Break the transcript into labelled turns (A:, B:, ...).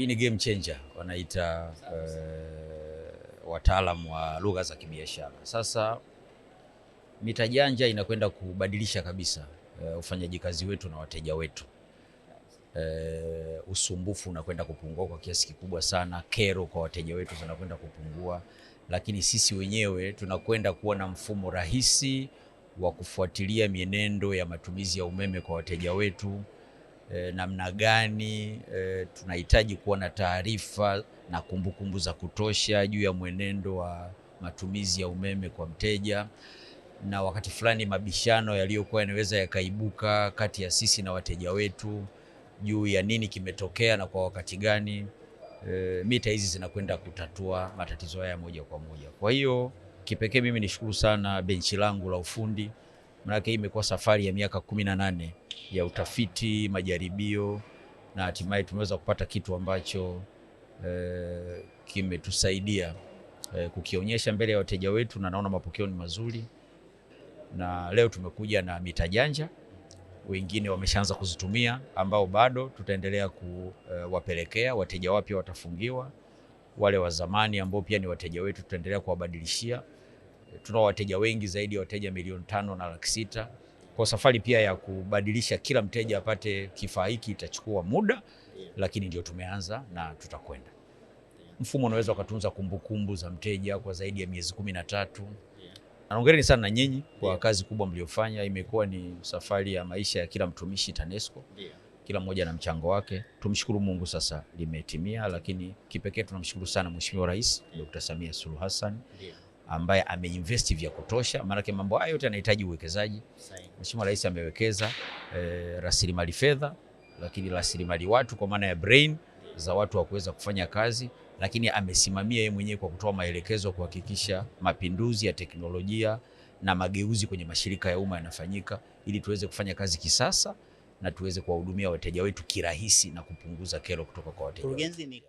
A: Hii ni game changer wanaita uh, eh, wataalam wa lugha za kibiashara. Sasa mita janja inakwenda kubadilisha kabisa uh, ufanyaji kazi wetu na wateja wetu. Uh, usumbufu unakwenda kupungua kwa kiasi kikubwa sana, kero kwa wateja wetu zinakwenda kupungua, lakini sisi wenyewe tunakwenda kuwa na mfumo rahisi wa kufuatilia mienendo ya matumizi ya umeme kwa wateja wetu eh, namna gani eh, tunahitaji kuwa na taarifa na kumbukumbu za kutosha juu ya mwenendo wa matumizi ya umeme kwa mteja, na wakati fulani mabishano yaliyokuwa yanaweza yakaibuka kati ya sisi na wateja wetu juu ya nini kimetokea na kwa wakati gani. E, mita hizi zinakwenda kutatua matatizo haya moja kwa moja. Kwa hiyo kipekee mimi nishukuru sana benchi langu la ufundi, maanake hii imekuwa safari ya miaka kumi na nane ya utafiti, majaribio na hatimaye tumeweza kupata kitu ambacho e, kimetusaidia e, kukionyesha mbele ya wateja wetu, na naona mapokeo ni mazuri, na leo tumekuja na mita janja, wengine wameshaanza kuzitumia, ambao bado tutaendelea kuwapelekea eh, e, wateja wapya watafungiwa, wale wa zamani ambao pia ni wateja wetu tutaendelea kuwabadilishia. Tunao wateja wengi zaidi ya wateja milioni tano na laki sita. Kwa safari pia ya kubadilisha kila mteja apate kifaa hiki itachukua muda, lakini ndio tumeanza na tutakwenda. Mfumo unaweza ukatunza kumbukumbu za mteja kwa zaidi ya miezi kumi na tatu. Naongereni sana na nyinyi kwa kazi kubwa mliofanya. Imekuwa ni safari ya maisha ya kila mtumishi TANESCO, kila mmoja na mchango wake. Tumshukuru Mungu sasa limetimia, lakini kipekee tunamshukuru sana Mheshimiwa Rais Dr. Samia Suluhu Hassan ambaye ameinvesti vya kutosha, maanake mambo hayo yote yanahitaji uwekezaji. Mheshimiwa Rais amewekeza e, rasilimali fedha, lakini rasilimali watu kwa maana ya brain za watu wa kuweza kufanya kazi, lakini amesimamia yeye mwenyewe kwa kutoa maelekezo kuhakikisha mapinduzi ya teknolojia na mageuzi kwenye mashirika ya umma yanafanyika ili tuweze kufanya kazi kisasa na tuweze kuwahudumia wateja wetu kirahisi na kupunguza kero kutoka kwa wateja